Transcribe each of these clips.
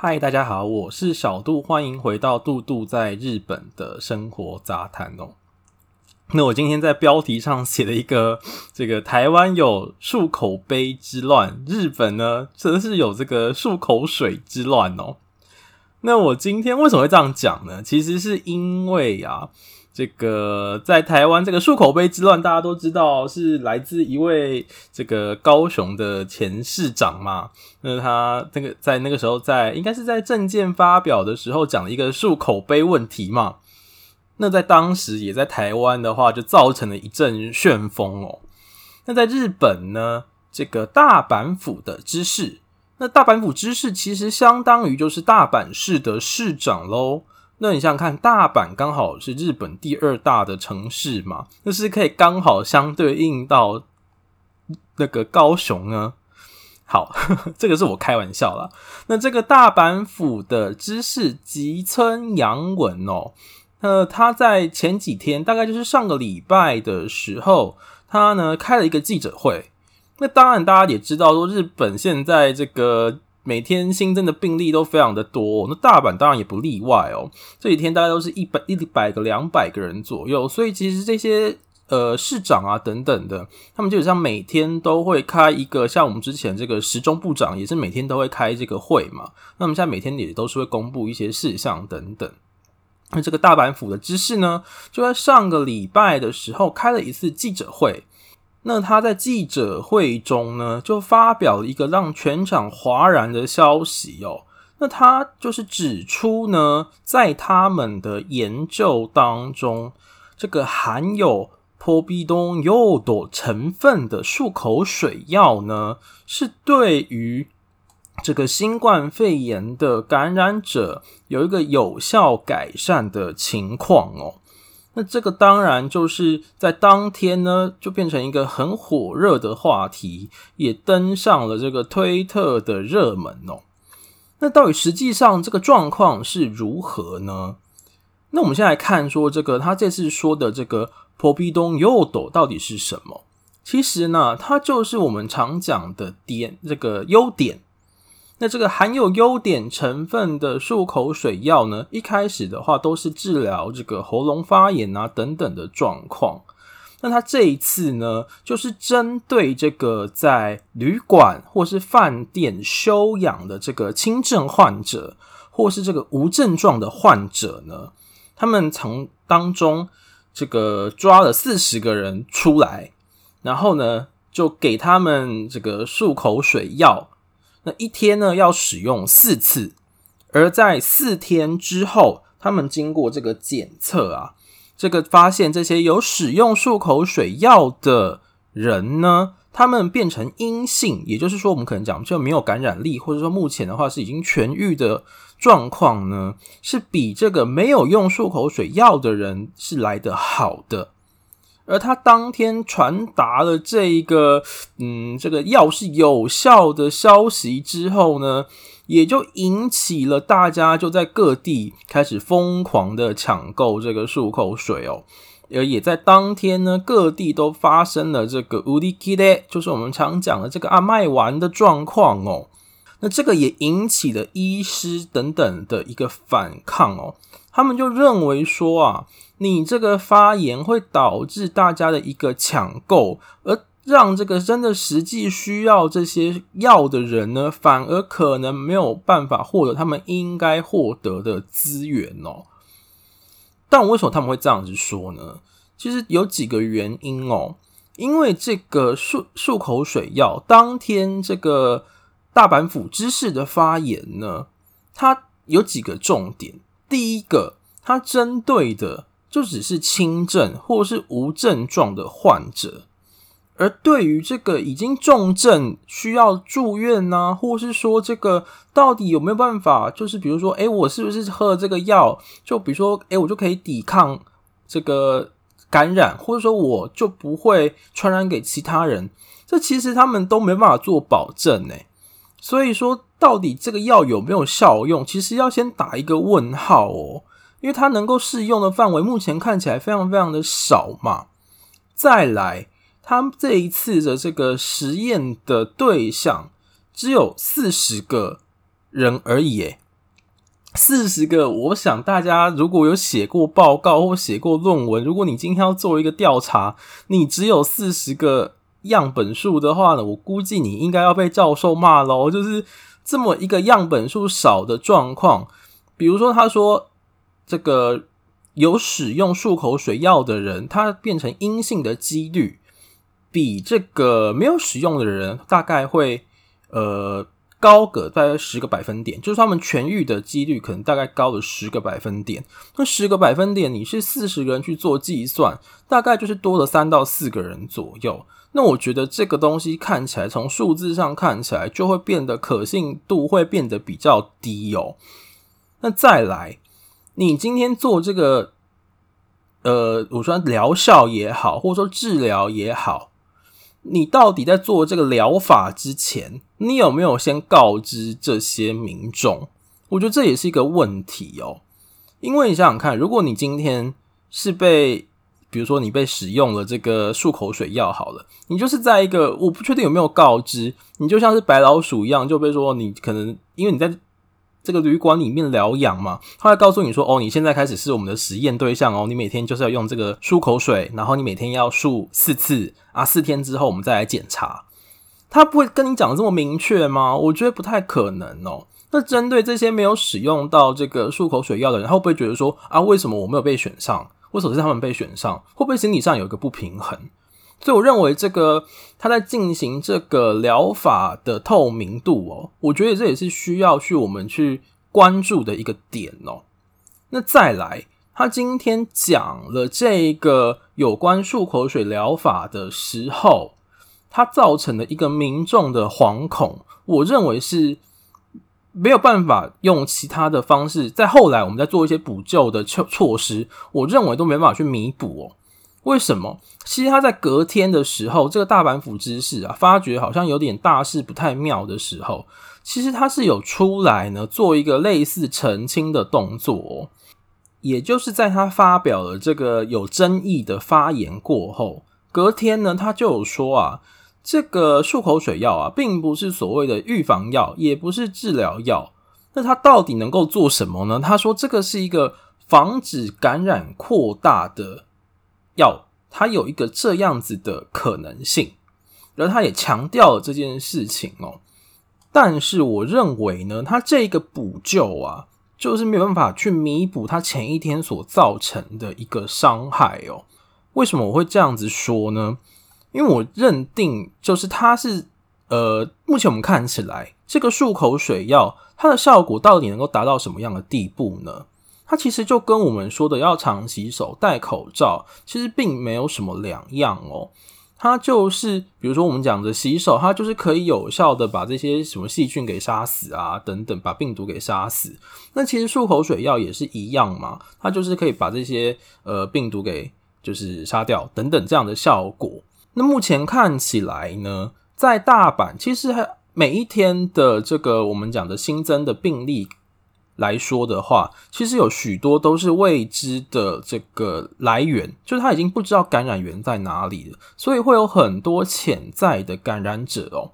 嗨，Hi, 大家好，我是小杜，歡迎回到《杜杜在日本的生活雜談》哦。那我今天在標題上寫了一個“這個台灣有漱口杯之亂”，日本呢則是有這個漱口水之亂哦。那我今天為什麼會這樣講呢？其實是因為呀、啊。這個在台灣這個漱口杯之亂，大家都知道是來自一位這個高雄的前市長嘛。那他這個在那個時候，在應該是在政見發表的時候講了一個漱口杯問題嘛。那在當時也在台灣的話，就造成了一陣旋風哦、喔。那在日本呢，這個大阪府的知事，那大阪府知事其實相當於就是大阪市的市長嘍。那你想,想看大阪剛好是日本第二大的城市嘛？那是可以剛好相對應到那個高雄呢。好，呵呵這個是我開玩笑了。那這個大阪府的知事吉村洋文哦、喔，那他在前幾天，大概就是上個禮拜的時候，他呢開了一個記者會。那當然大家也知道，說日本現在這個。每天新增的病例都非常的多哦，那大阪當然也不例外哦。這幾天大概都是一百、一百個、兩百個人左右，所以其實這些呃市長啊等等的，他們基本上每天都會開一個，像我們之前這個時中部長也是每天都會開這個會嘛。那麼現在每天也都是會公布一些事項等等。那這個大阪府的知事呢，就在上個禮拜的時候開了一次記者會。那他在記者會中呢，就發表了一個讓全場嘩然的消息哦、喔。那他就是指出呢，在他們的研究當中，這個含有 Povidone-Iodine 成分的漱口水藥呢，是對於這個新冠肺炎的感染者有一個有效改善的情況哦、喔。那這個當然就是在當天呢，就變成一個很火熱的話題，也登上了這個推特的熱門哦、喔。那到底實際上這個狀況是如何呢？那我們先來看說這個他這次說的這個ポビドンヨード到底是什麼？其實呢，它就是我們常講的碘這個優碘。那這個含有優碘成分的漱口水藥呢，一開始的話都是治療這個喉嚨發炎啊等等的狀況。那他這一次呢，就是針對這個在旅館或是飯店休養的這個輕症患者，或是這個無症狀的患者呢，他們從當中這個抓了四十個人出來，然後呢就給他們這個漱口水藥。一天呢要使用四次，而在四天之後，他們經過這個檢測啊，這個發現這些有使用漱口水藥的人呢，他們變成陰性，也就是說我們可能講就沒有感染力，或者說目前的話是已經痊癒的狀況呢，是比這個沒有用漱口水藥的人是來得好的。而他當天傳達了這個，嗯，這個藥是有效的消息之後呢，也就引起了大家就在各地開始瘋狂的搶購這個漱口水哦、喔，而也在當天呢，各地都發生了這個売り切れ，就是我們常講的這個啊賣完的狀況哦。那這個也引起了醫師等等的一個反抗哦、喔，他們就認為說啊。你這個發言會導致大家的一個搶購，而讓這個真的實際需要這些藥的人呢，反而可能沒有辦法獲得他們應該獲得的資源哦。但為什麼他們會這樣子說呢？其實有幾個原因哦。因為這個漱漱口水藥，當天這個大阪府知事的發言呢，它有幾個重點。第一個，他針對的。就只是輕症或是無症狀的患者，而對於這個已經重症需要住院吶、啊，或是說這個到底有沒有辦法？就是比如說，哎，我是不是喝了這個藥？就比如說，哎，我就可以抵抗這個感染，或者說我就不會傳染給其他人。這其實他們都沒辦法做保證誒、欸。所以說，到底這個藥有沒有效用，其實要先打一個問號哦、喔。因為它能夠適用的範圍，目前看起來非常非常的少嘛。再來，他這一次的這個實驗的對象只有四十個人而已。哎，四十個，我想大家如果有寫過報告或寫過論文，如果你今天要做一個調查，你只有四十個樣本數的話呢，我估計你應該要被教授罵咯，就是這麼一個樣本數少的狀況。比如說，他說。這個有使用漱口水藥的人，他變成陰性的幾率，比這個沒有使用的人大概會，呃，高個大概十個百分點，就是他們痊癒的幾率可能大概高了十個百分點。那十個百分點，你是四十個人去做計算，大概就是多了三到四個人左右。那我覺得這個東西看起來，從數字上看起來就會變得可信度會變得比較低哦。那再來。你今天做這個，呃，我說療效也好，或者說治療也好，你到底在做這個療法之前，你有沒有先告知這些民眾？我覺得這也是一個問題哦。因為你想想看，如果你今天是被，比如說你被使用了這個漱口水藥好了，你就是在一個，我不確定有沒有告知，你就像是白老鼠一樣，就被說你可能，因為你在。這個旅館裡面療養嘛，他會告訴你說，哦，你現在開始是我們的實驗對象哦，你每天就是要用這個漱口水，然後你每天要漱四次啊，四天之後我們再來檢查。他不會跟你講這麼明確嗎？我覺得不太可能哦。那針對這些沒有使用到這個漱口水藥的人，他會不會覺得說，啊，為什麼我沒有被選上？為什麼是他們被選上？會不會心理上有一個不平衡？所以我認為這個他在進行這個療法的透明度哦，我覺得這也是需要去我們去關注的一個點哦。那再來，他今天講了這個有關漱口水療法的時候，他造成的一個民眾的惶恐，我認為是沒有辦法用其他的方式，在後來我們再做一些補救的措措施，我認為都沒辦法去彌補哦。為什麼？其實他在隔天的時候，這個大阪府知事啊，發覺好像有點大事不太妙的時候，其實他是有出來呢，做一個類似澄清的動作喔。也就是在他發表了這個有爭議的發言過後，隔天呢，他就有說啊，這個漱口水藥啊，並不是所謂的預防藥，也不是治療藥。那他到底能夠做什麼呢？他說這個是一個防止感染擴大的。藥，它有一個這樣子的可能性，而他也強調了這件事情哦。但是，我認為呢，它這個補救啊，就是沒有辦法去彌補它前一天所造成的一個傷害哦。為什麼我會這樣子說呢？因為我認定，就是它是呃，目前我們看起來，這個漱口水藥，它的效果到底能夠達到什麼樣的地步呢？它其實就跟我們說的要常洗手、戴口罩，其實並沒有什麼兩樣哦、喔。它就是，比如說我們講的洗手，它就是可以有效的把這些什麼細菌給殺死啊，等等，把病毒給殺死。那其實漱口水藥也是一樣嘛，它就是可以把這些呃病毒給就是殺掉等等這樣的效果。那目前看起來呢，在大阪，其實每一天的這個我們講的新增的病例來說的話，其實有許多都是未知的這個來源，就是他已經不知道感染源在哪裡了，所以會有很多潛在的感染者哦。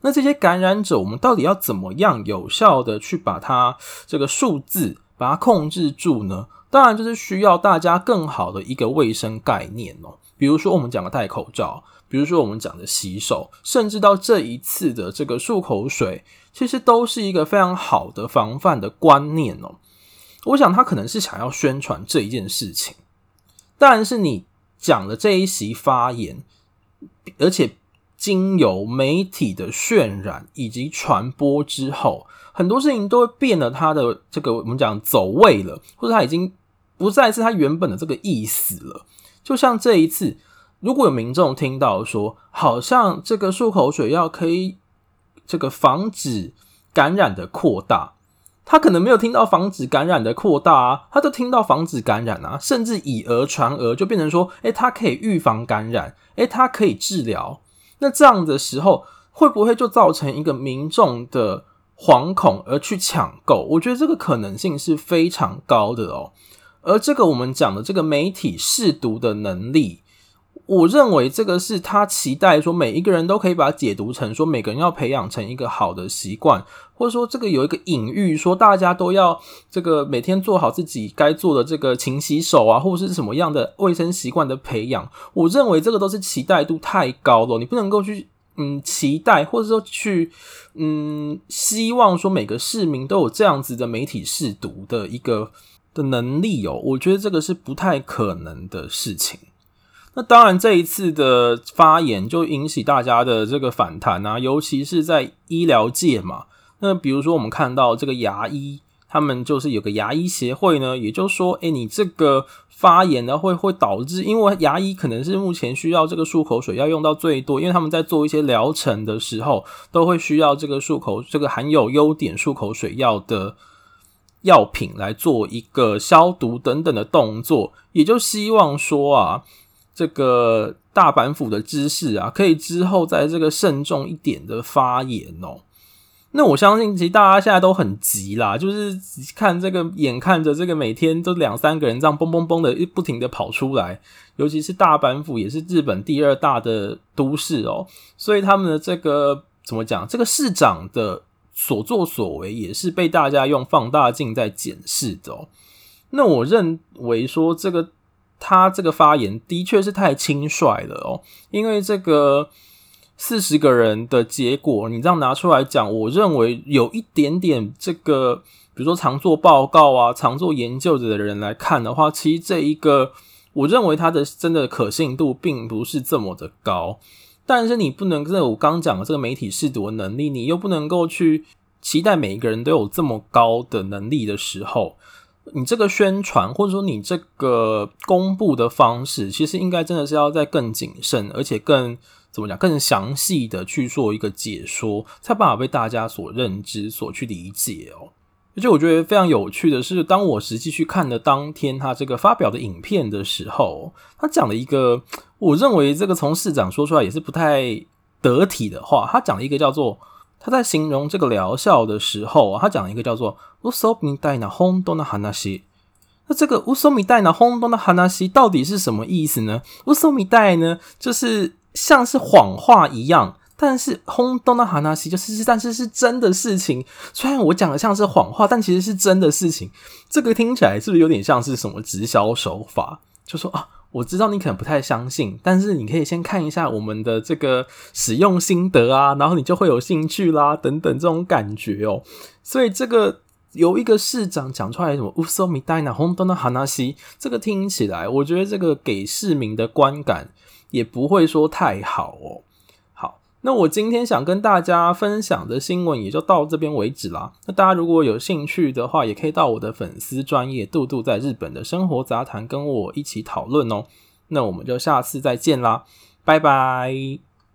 那這些感染者，我們到底要怎麼樣有效的去把它這個數字把它控制住呢？當然就是需要大家更好的一個衛生概念哦，比如說我們講的戴口罩。比如說我們講的洗手，甚至到這一次的這個漱口水，其實都是一個非常好的防範的觀念哦、喔。我想他可能是想要宣傳這一件事情，但是你講的這一席發言，而且經由媒體的渲染以及傳播之後，很多事情都會變了，它的這個我們講走位了，或者它已經不再是他原本的這個意思了。就像這一次。如果有民眾聽到說，好像這個漱口水要可以這個防止感染的擴大，他可能沒有聽到防止感染的擴大啊，他都聽到防止感染啊，甚至以訛傳訛，就變成說，哎，它可以預防感染，哎，它可以治療。那這樣的時候，會不會就造成一個民眾的惶恐而去搶購？我覺得這個可能性是非常高的哦。而這個我們講的這個媒體識讀的能力。我認為這個是他期待說每一個人都可以把它解讀成說每個人要培養成一個好的習慣，或者說這個有一個隱喻，說大家都要這個每天做好自己該做的這個勤洗手啊，或者是什麼樣的衛生習慣的培養。我認為這個都是期待度太高了，你不能夠去嗯期待，或者說去嗯希望說每個市民都有這樣子的媒體識讀的一個的能力喔，我覺得這個是不太可能的事情。那當然，這一次的發言就引起大家的這個反彈啊，尤其是在醫療界嘛。那比如說，我們看到這個牙醫，他們就是有個牙醫協會呢，也就是說，哎、欸，你這個發言呢會會導致，因為牙醫可能是目前需要這個漱口水要用到最多，因為他們在做一些療程的時候，都會需要這個漱口這個含有優碘漱口水藥的藥品來做一個消毒等等的動作，也就希望說啊。這個大阪府的知事啊，可以之後在這個慎重一點的發言哦、喔。那我相信，其實大家現在都很急啦，就是看這個，眼看着這個每天都兩三個人這樣嘣嘣嘣的不停的跑出來，尤其是大阪府也是日本第二大的都市哦、喔，所以他們的這個怎麼講，這個市長的所作所為也是被大家用放大鏡在檢視的、喔。哦。那我認為說這個。他這個發言的確是太輕率了哦、喔，因為這個四十個人的結果，你這樣拿出來講，我認為有一點點這個，比如說常做報告啊、常做研究者的人來看的話，其實這一個，我認為他的真的可信度並不是這麼的高。但是你不能認我剛講的這個媒體識讀的能力，你又不能夠去期待每一個人都有這麼高的能力的時候。你這個宣傳或者說你這個公布的方式，其實應該真的是要再更謹慎，而且更怎麼講，更詳細的去做一個解說，才辦法被大家所認知、所去理解哦、喔。而且我覺得非常有趣的是，當我實際去看的當天他這個發表的影片的時候，他講了一個我認為這個從市長說出來也是不太得體的話，他講了一個叫做。他在形容這個療效的時候、啊，他講了一個叫做“うそみたいな本當な話”。那這個“うそみたいな本當な話”到底是什麼意思呢？“うそみたい”呢，就是像是謊話一樣，但是“本當な話”就是，但是是真的事情。雖然我講的像是謊話，但其實是真的事情。這個聽起來是不是有點像是什麼直銷手法？就說啊。我知道你可能不太相信，但是你可以先看一下我們的這個使用心得啊，然後你就會有興趣啦，等等這種感覺哦、喔。所以這個由一個市長講出來什麼嘘みたいな本當の話，這個聽起來，我覺得這個給市民的觀感也不會說太好哦、喔。那我今天想跟大家分享的新聞也就到這邊為止啦。那大家如果有興趣的話，也可以到我的粉絲專頁度度在日本的生活雜談跟我一起討論哦。那我們就下次再見啦，拜拜。